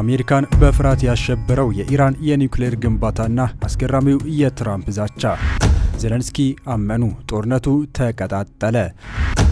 አሜሪካን በፍርሃት ያሸበረው የኢራን የኒውክሌር ግንባታና አስገራሚው የትራምፕ ዛቻ። ዜለንስኪ አመኑ፣ ጦርነቱ ተቀጣጠለ።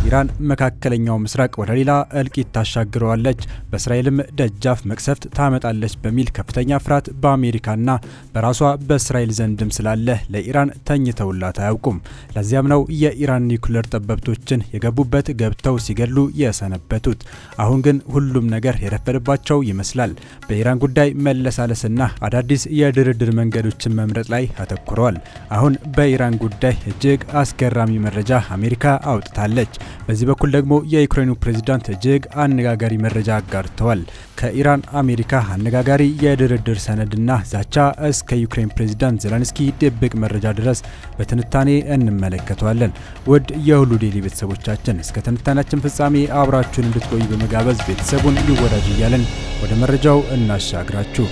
ኢራን መካከለኛው ምስራቅ ወደ ሌላ እልቂት ታሻግረዋለች፣ በእስራኤልም ደጃፍ መቅሰፍት ታመጣለች በሚል ከፍተኛ ፍርሃት በአሜሪካና በራሷ በእስራኤል ዘንድም ስላለ ለኢራን ተኝተውላት አያውቁም። ለዚያም ነው የኢራን ኒውክሌር ጠበብቶችን የገቡበት ገብተው ሲገሉ የሰነበቱት። አሁን ግን ሁሉም ነገር የረፈደባቸው ይመስላል። በኢራን ጉዳይ መለሳለስና አዳዲስ የድርድር መንገዶችን መምረጥ ላይ አተኩረዋል። አሁን በኢራን ጉዳይ እጅግ አስገራሚ መረጃ አሜሪካ አውጥታለች። በዚህ በኩል ደግሞ የዩክሬኑ ፕሬዚዳንት እጅግ አነጋጋሪ መረጃ አጋርተዋል። ከኢራን አሜሪካ አነጋጋሪ የድርድር ሰነድና ዛቻ እስከ ዩክሬን ፕሬዚዳንት ዜላንስኪ ድብቅ መረጃ ድረስ በትንታኔ እንመለከተዋለን። ውድ የሁሉ ዴይሊ ቤተሰቦቻችን እስከ ትንታኔያችን ፍጻሜ አብራችሁን እንድትቆዩ በመጋበዝ ቤተሰቡን ይወዳጅ እያለን ወደ መረጃው እናሻግራችሁ።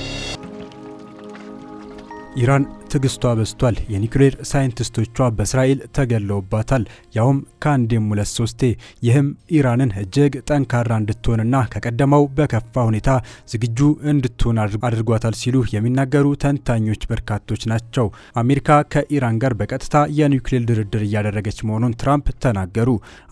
ኢራን ትዕግስቷ በዝቷል። የኒውክሌር ሳይንቲስቶቿ በእስራኤል ተገለውባታል፣ ያውም ከአንዴም ሁለት ሶስቴ። ይህም ኢራንን እጅግ ጠንካራ እንድትሆንና ከቀደመው በከፋ ሁኔታ ዝግጁ እንድትሆን አድርጓታል ሲሉ የሚናገሩ ተንታኞች በርካቶች ናቸው። አሜሪካ ከኢራን ጋር በቀጥታ የኒውክሌር ድርድር እያደረገች መሆኑን ትራምፕ ተናገሩ።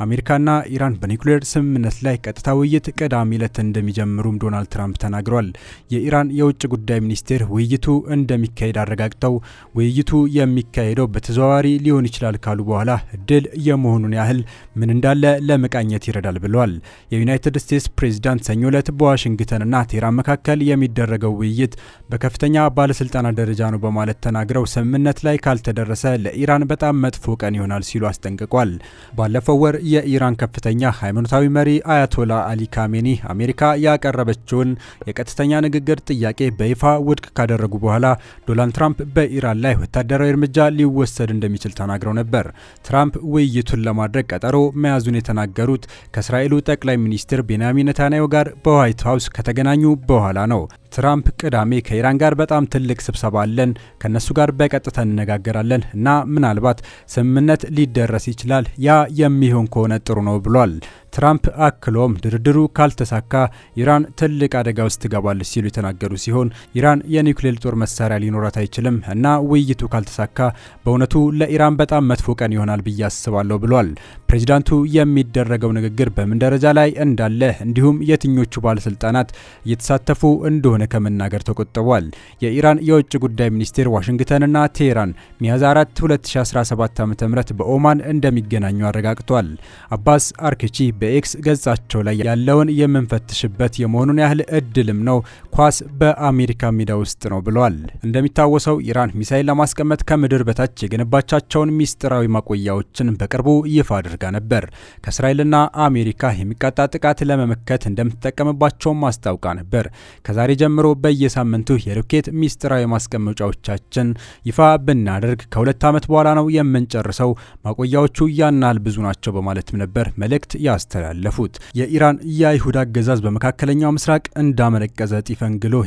አሜሪካና ኢራን በኒውክሌር ስምምነት ላይ ቀጥታ ውይይት ቅዳሜ ዕለት እንደሚጀምሩም ዶናልድ ትራምፕ ተናግሯል። የኢራን የውጭ ጉዳይ ሚኒስቴር ውይይቱ እንደሚካሄድ አረጋግጠው ውይይቱ የሚካሄደው በተዘዋዋሪ ሊሆን ይችላል ካሉ በኋላ እድል የመሆኑን ያህል ምን እንዳለ ለመቃኘት ይረዳል ብለዋል። የዩናይትድ ስቴትስ ፕሬዚዳንት ሰኞ ዕለት በዋሽንግተንና ቴህራን መካከል የሚደረገው ውይይት በከፍተኛ ባለስልጣናት ደረጃ ነው በማለት ተናግረው ስምምነት ላይ ካልተደረሰ ለኢራን በጣም መጥፎ ቀን ይሆናል ሲሉ አስጠንቅቋል። ባለፈው ወር የኢራን ከፍተኛ ሃይማኖታዊ መሪ አያቶላ አሊ ካሜኒ አሜሪካ ያቀረበችውን የቀጥተኛ ንግግር ጥያቄ በይፋ ውድቅ ካደረጉ በኋላ ዶናልድ ትራምፕ በኢራን ላይ ወታደራዊ እርምጃ ሊወሰድ እንደሚችል ተናግረው ነበር። ትራምፕ ውይይቱን ለማድረግ ቀጠሮ መያዙን የተናገሩት ከእስራኤሉ ጠቅላይ ሚኒስትር ቤንያሚን ነታንያሁ ጋር በዋይት ሀውስ ከተገናኙ በኋላ ነው። ትራምፕ ቅዳሜ ከኢራን ጋር በጣም ትልቅ ስብሰባ አለን፣ ከነሱ ጋር በቀጥታ እንነጋገራለን እና ምናልባት ስምምነት ሊደረስ ይችላል። ያ የሚሆን ከሆነ ጥሩ ነው ብሏል። ትራምፕ አክሎም ድርድሩ ካልተሳካ ኢራን ትልቅ አደጋ ውስጥ ትገባለች ሲሉ የተናገሩ ሲሆን ኢራን የኒውክሌር ጦር መሳሪያ ሊኖራት አይችልም እና ውይይቱ ካልተሳካ በእውነቱ ለኢራን በጣም መጥፎ ቀን ይሆናል ብዬ አስባለሁ ብሏል። ፕሬዚዳንቱ የሚደረገው ንግግር በምን ደረጃ ላይ እንዳለ እንዲሁም የትኞቹ ባለስልጣናት እየተሳተፉ እንደሆነ እንደሆነ ከመናገር ተቆጥቧል። የኢራን የውጭ ጉዳይ ሚኒስቴር ዋሽንግተንና ቴሄራን ሚያዝያ 4 2017 ዓ ም በኦማን እንደሚገናኙ አረጋግጧል። አባስ አርክቺ በኤክስ ገጻቸው ላይ ያለውን የምንፈትሽበት የመሆኑን ያህል እድልም ነው፣ ኳስ በአሜሪካ ሜዳ ውስጥ ነው ብሏል። እንደሚታወሰው ኢራን ሚሳይል ለማስቀመጥ ከምድር በታች የገነባቻቸውን ሚስጥራዊ ማቆያዎችን በቅርቡ ይፋ አድርጋ ነበር። ከእስራኤልና አሜሪካ የሚቃጣ ጥቃት ለመመከት እንደምትጠቀምባቸውም አስታውቃ ነበር። ከዛሬ ጀምሮ በየሳምንቱ የሮኬት ሚስጥራዊ ማስቀመጫዎቻችን ይፋ ብናደርግ ከሁለት ዓመት በኋላ ነው የምንጨርሰው፣ ማቆያዎቹ ያናል ብዙ ናቸው በማለትም ነበር መልእክት ያስተላለፉት። የኢራን የአይሁድ አገዛዝ በመካከለኛው ምስራቅ እንዳመለቀዘ ጢፍ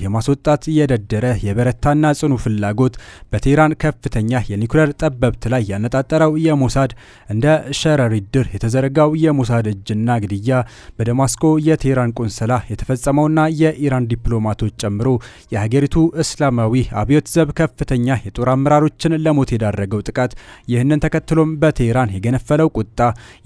የማስወጣት የደደረ የበረታና ጽኑ ፍላጎት በቴህራን ከፍተኛ የኒኩሌር ጠበብት ላይ ያነጣጠረው የሞሳድ እንደ ሸረሪድር የተዘረጋው የሞሳድ እጅና ግድያ በደማስቆ የቴህራን ቁንሰላ የተፈጸመውና የኢራን ዲፕሎማቶች ጨምሮ የሀገሪቱ እስላማዊ አብዮት ዘብ ከፍተኛ የጦር አመራሮችን ለሞት የዳረገው ጥቃት፣ ይህንን ተከትሎም በቴህራን የገነፈለው ቁጣ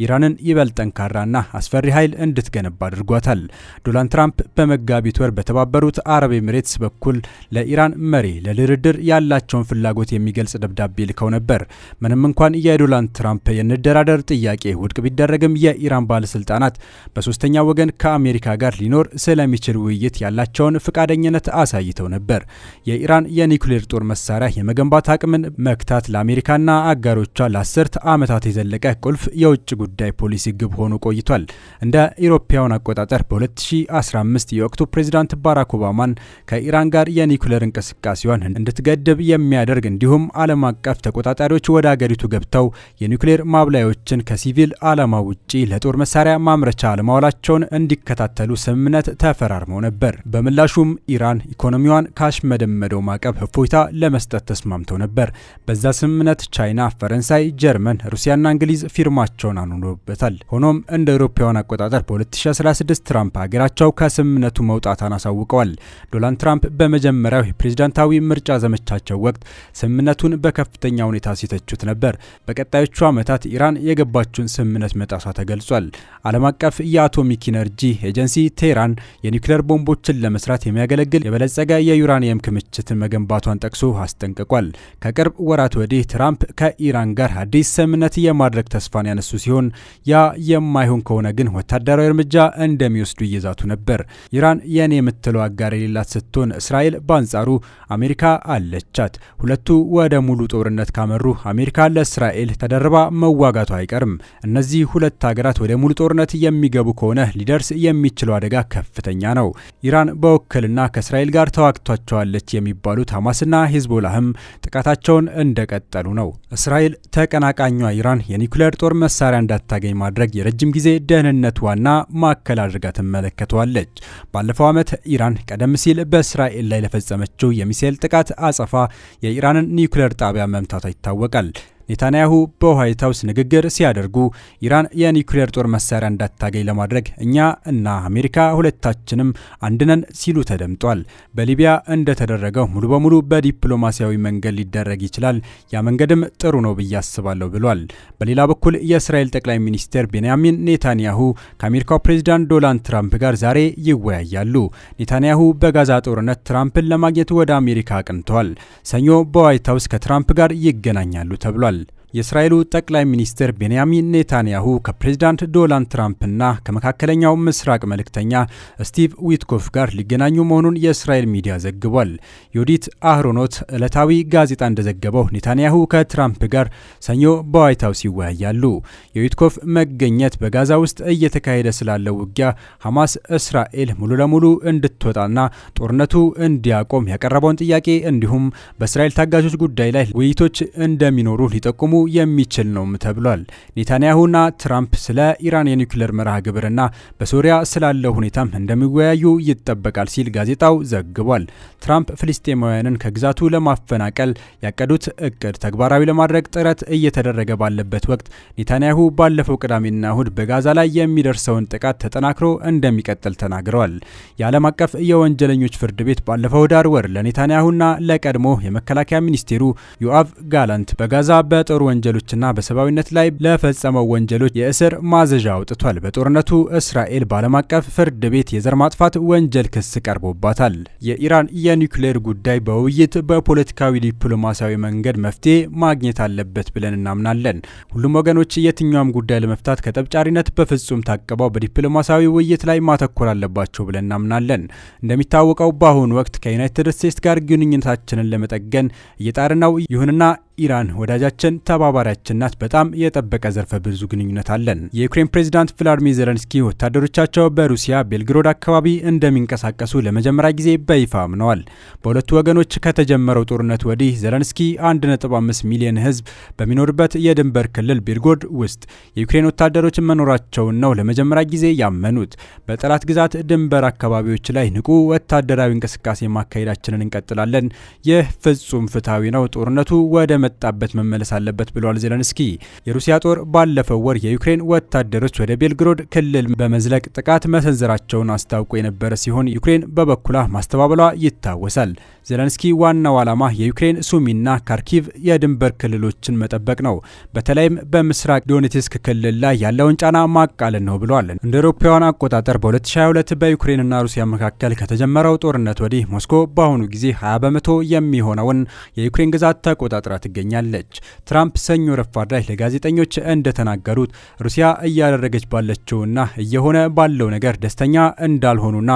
ኢራንን ይበልጥ ጠንካራና አስፈሪ ኃይል እንድትገነባ አድርጓታል። ዶናልድ ትራምፕ በመጋቢት ወር በተባበሩት አረብ ኤምሬትስ በኩል ለኢራን መሪ ለድርድር ያላቸውን ፍላጎት የሚገልጽ ደብዳቤ ልከው ነበር። ምንም እንኳን የዶናልድ ትራምፕ የንደራደር ጥያቄ ውድቅ ቢደረግም የኢራን ባለስልጣናት በሶስተኛ ወገን ከአሜሪካ ጋር ሊኖር ስለሚችል ውይይት ያላቸውን ፍቃደ ፈቃደኝነት አሳይተው ነበር። የኢራን የኒውክሌር ጦር መሳሪያ የመገንባት አቅምን መክታት ለአሜሪካና አጋሮቿ ለአስርት ዓመታት የዘለቀ ቁልፍ የውጭ ጉዳይ ፖሊሲ ግብ ሆኖ ቆይቷል። እንደ ኢሮፓውያን አቆጣጠር በ2015 የወቅቱ ፕሬዚዳንት ባራክ ኦባማን ከኢራን ጋር የኒውክሌር እንቅስቃሴዋን እንድትገድብ የሚያደርግ እንዲሁም ዓለም አቀፍ ተቆጣጣሪዎች ወደ አገሪቱ ገብተው የኒውክሌር ማብላዮችን ከሲቪል ዓላማ ውጪ ለጦር መሳሪያ ማምረቻ አለማዋላቸውን እንዲከታተሉ ስምምነት ተፈራርመው ነበር። በምላሹም ኢራን ኢኮኖሚዋን ካሽመደመደው ማዕቀብ እፎይታ ለመስጠት ተስማምተው ነበር። በዛ ስምምነት ቻይና፣ ፈረንሳይ፣ ጀርመን፣ ሩሲያና እንግሊዝ ፊርማቸውን አኑሮበታል። ሆኖም እንደ አውሮፓውያን አቆጣጠር በ2016 ትራምፕ ሀገራቸው ከስምምነቱ መውጣታን አሳውቀዋል። ዶናልድ ትራምፕ በመጀመሪያው የፕሬዝዳንታዊ ምርጫ ዘመቻቸው ወቅት ስምምነቱን በከፍተኛ ሁኔታ ሲተቹት ነበር። በቀጣዮቹ ዓመታት ኢራን የገባችውን ስምምነት መጣሷ ተገልጿል። ዓለም አቀፍ የአቶሚክ ኢነርጂ ኤጀንሲ ቴህራን የኒውክሌር ቦምቦችን ለመስራት የሚያገ የሚያገለግል የበለጸገ የዩራኒየም ክምችትን መገንባቷን ጠቅሶ አስጠንቅቋል። ከቅርብ ወራት ወዲህ ትራምፕ ከኢራን ጋር አዲስ ስምምነት የማድረግ ተስፋን ያነሱ ሲሆን ያ የማይሆን ከሆነ ግን ወታደራዊ እርምጃ እንደሚወስዱ እየዛቱ ነበር። ኢራን የኔ የምትለው አጋር የሌላት ስትሆን፣ እስራኤል በአንጻሩ አሜሪካ አለቻት። ሁለቱ ወደ ሙሉ ጦርነት ካመሩ አሜሪካ ለእስራኤል ተደርባ መዋጋቱ አይቀርም። እነዚህ ሁለት ሀገራት ወደ ሙሉ ጦርነት የሚገቡ ከሆነ ሊደርስ የሚችለው አደጋ ከፍተኛ ነው። ኢራን በውክልና ከእስራኤል ጋር ተዋግቷቸዋለች የሚባሉት ሐማስና ሂዝቦላህም ጥቃታቸውን እንደቀጠሉ ነው። እስራኤል ተቀናቃኟ ኢራን የኒኩሌር ጦር መሳሪያ እንዳታገኝ ማድረግ የረጅም ጊዜ ደህንነት ዋና ማዕከል አድርጋ ትመለከተዋለች። ባለፈው ዓመት ኢራን ቀደም ሲል በእስራኤል ላይ ለፈጸመችው የሚሳኤል ጥቃት አጸፋ የኢራንን ኒኩሌር ጣቢያ መምታቷ ይታወቃል። ኔታንያሁ በዋይት ሀውስ ንግግር ሲያደርጉ ኢራን የኒውክሌር ጦር መሳሪያ እንዳታገኝ ለማድረግ እኛ እና አሜሪካ ሁለታችንም አንድነን ሲሉ ተደምጧል። በሊቢያ እንደተደረገው ሙሉ በሙሉ በዲፕሎማሲያዊ መንገድ ሊደረግ ይችላል። ያ መንገድም ጥሩ ነው ብዬ አስባለሁ ብሏል። በሌላ በኩል የእስራኤል ጠቅላይ ሚኒስትር ቤንያሚን ኔታንያሁ ከአሜሪካው ፕሬዚዳንት ዶናልድ ትራምፕ ጋር ዛሬ ይወያያሉ። ኔታንያሁ በጋዛ ጦርነት ትራምፕን ለማግኘት ወደ አሜሪካ አቅንተዋል። ሰኞ በዋይት ሀውስ ከትራምፕ ጋር ይገናኛሉ ተብሏል። የእስራኤሉ ጠቅላይ ሚኒስትር ቤንያሚን ኔታንያሁ ከፕሬዚዳንት ዶናልድ ትራምፕና ከመካከለኛው ምስራቅ መልእክተኛ ስቲቭ ዊትኮፍ ጋር ሊገናኙ መሆኑን የእስራኤል ሚዲያ ዘግቧል። ዮዲት አህሮኖት ዕለታዊ ጋዜጣ እንደዘገበው ኔታንያሁ ከትራምፕ ጋር ሰኞ በዋይት ሀውስ ይወያያሉ። የዊትኮፍ መገኘት በጋዛ ውስጥ እየተካሄደ ስላለው ውጊያ ሐማስ እስራኤል ሙሉ ለሙሉ እንድትወጣና ጦርነቱ እንዲያቆም ያቀረበውን ጥያቄ እንዲሁም በእስራኤል ታጋቾች ጉዳይ ላይ ውይይቶች እንደሚኖሩ ሊጠቁሙ የሚችል ነውም ተብሏል። ኔታንያሁና ትራምፕ ስለ ኢራን የኒውክሌር መርሃ ግብርና በሶሪያ ስላለው ሁኔታም እንደሚወያዩ ይጠበቃል ሲል ጋዜጣው ዘግቧል። ትራምፕ ፍልስጤማውያንን ከግዛቱ ለማፈናቀል ያቀዱት እቅድ ተግባራዊ ለማድረግ ጥረት እየተደረገ ባለበት ወቅት ኔታንያሁ ባለፈው ቅዳሜና እሁድ በጋዛ ላይ የሚደርሰውን ጥቃት ተጠናክሮ እንደሚቀጥል ተናግረዋል። የዓለም አቀፍ የወንጀለኞች ፍርድ ቤት ባለፈው ዳር ወር ለኔታንያሁና ለቀድሞ የመከላከያ ሚኒስቴሩ ዮአቭ ጋላንት በጋዛ በጦሩ ወንጀሎችና በሰብአዊነት ላይ ለፈጸመው ወንጀሎች የእስር ማዘዣ አውጥቷል። በጦርነቱ እስራኤል በዓለም አቀፍ ፍርድ ቤት የዘር ማጥፋት ወንጀል ክስ ቀርቦባታል። የኢራን የኒውክሌር ጉዳይ በውይይት በፖለቲካዊ ዲፕሎማሲያዊ መንገድ መፍትሄ ማግኘት አለበት ብለን እናምናለን። ሁሉም ወገኖች የትኛውም ጉዳይ ለመፍታት ከጠብጫሪነት በፍጹም ታቅበው በዲፕሎማሲያዊ ውይይት ላይ ማተኮር አለባቸው ብለን እናምናለን። እንደሚታወቀው በአሁኑ ወቅት ከዩናይትድ ስቴትስ ጋር ግንኙነታችንን ለመጠገን እየጣርን ነው። ይሁንና ኢራን ወዳጃችን፣ ተባባሪያችን ናት። በጣም የጠበቀ ዘርፈ ብዙ ግንኙነት አለን። የዩክሬን ፕሬዚዳንት ቭላዲሚር ዜለንስኪ ወታደሮቻቸው በሩሲያ ቤልግሮድ አካባቢ እንደሚንቀሳቀሱ ለመጀመሪያ ጊዜ በይፋ አምነዋል። በሁለቱ ወገኖች ከተጀመረው ጦርነት ወዲህ ዜለንስኪ 1.5 ሚሊዮን ሕዝብ በሚኖርበት የድንበር ክልል ቤልጎድ ውስጥ የዩክሬን ወታደሮች መኖራቸውን ነው ለመጀመሪያ ጊዜ ያመኑት። በጠላት ግዛት ድንበር አካባቢዎች ላይ ንቁ ወታደራዊ እንቅስቃሴ ማካሄዳችንን እንቀጥላለን። ይህ ፍጹም ፍትሐዊ ነው። ጦርነቱ ወደ ወደመጣበት መመለስ አለበት ብለዋል ዜለንስኪ። የሩሲያ ጦር ባለፈው ወር የዩክሬን ወታደሮች ወደ ቤልግሮድ ክልል በመዝለቅ ጥቃት መሰንዘራቸውን አስታውቆ የነበረ ሲሆን ዩክሬን በበኩሏ ማስተባበሏ ይታወሳል። ዜለንስኪ ዋናው ዓላማ የዩክሬን ሱሚና ካርኪቭ የድንበር ክልሎችን መጠበቅ ነው፣ በተለይም በምስራቅ ዶኔትስክ ክልል ላይ ያለውን ጫና ማቃለል ነው ብለዋል። እንደ አውሮፓውያን አቆጣጠር በ2022 በዩክሬንና ሩሲያ መካከል ከተጀመረው ጦርነት ወዲህ ሞስኮ በአሁኑ ጊዜ 20 በመቶ የሚሆነውን የዩክሬን ግዛት ተቆጣጥራ ትገኛለች። ትገኛለች። ትራምፕ ሰኞ ረፋድ ላይ ለጋዜጠኞች እንደተናገሩት ሩሲያ እያደረገች ባለችውና እየሆነ ባለው ነገር ደስተኛ እንዳልሆኑና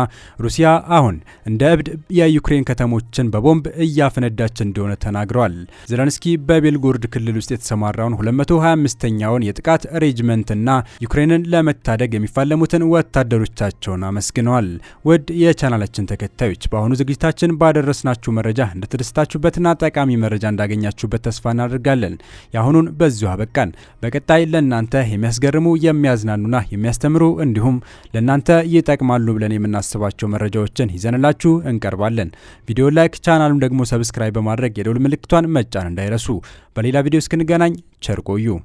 ሩሲያ አሁን እንደ እብድ የዩክሬን ከተሞችን በቦምብ እያፈነዳች እንደሆነ ተናግረዋል። ዘለንስኪ በቤልጎርድ ክልል ውስጥ የተሰማራውን 225ኛውን የጥቃት ሬጅመንትና ዩክሬንን ለመታደግ የሚፋለሙትን ወታደሮቻቸውን አመስግነዋል። ውድ የቻናላችን ተከታዮች በአሁኑ ዝግጅታችን ባደረስናችሁ መረጃ እንደተደስታችሁበትና ጠቃሚ መረጃ እንዳገኛችሁበት ተስፋ እናደርጋለን። የአሁኑን በዚሁ አበቃን። በቀጣይ ለእናንተ የሚያስገርሙ የሚያዝናኑና የሚያስተምሩ እንዲሁም ለእናንተ ይጠቅማሉ ብለን የምናስባቸው መረጃዎችን ይዘንላችሁ እንቀርባለን። ቪዲዮ ላይክ፣ ቻናሉን ደግሞ ሰብስክራይብ በማድረግ የደውል ምልክቷን መጫን እንዳይረሱ። በሌላ ቪዲዮ እስክንገናኝ ቸር ቆዩ።